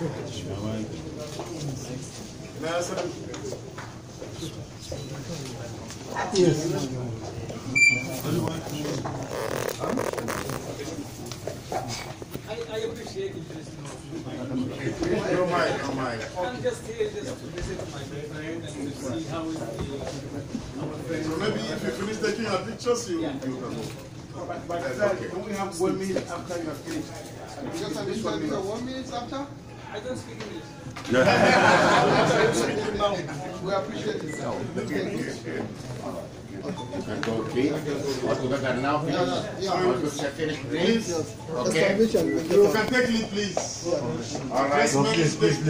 Yes. I, appreciate interesting No mind, no I'm just visit my friend and see how is the, our So maybe if you finish taking your pictures, you, yeah. we have one minute after you have finished? Just this one minute. One minute after? I don't speak English. Yeah. We appreciate it. No. Okay. now? yeah. yeah. please. Okay. You can take please. All right. Okay, please, please.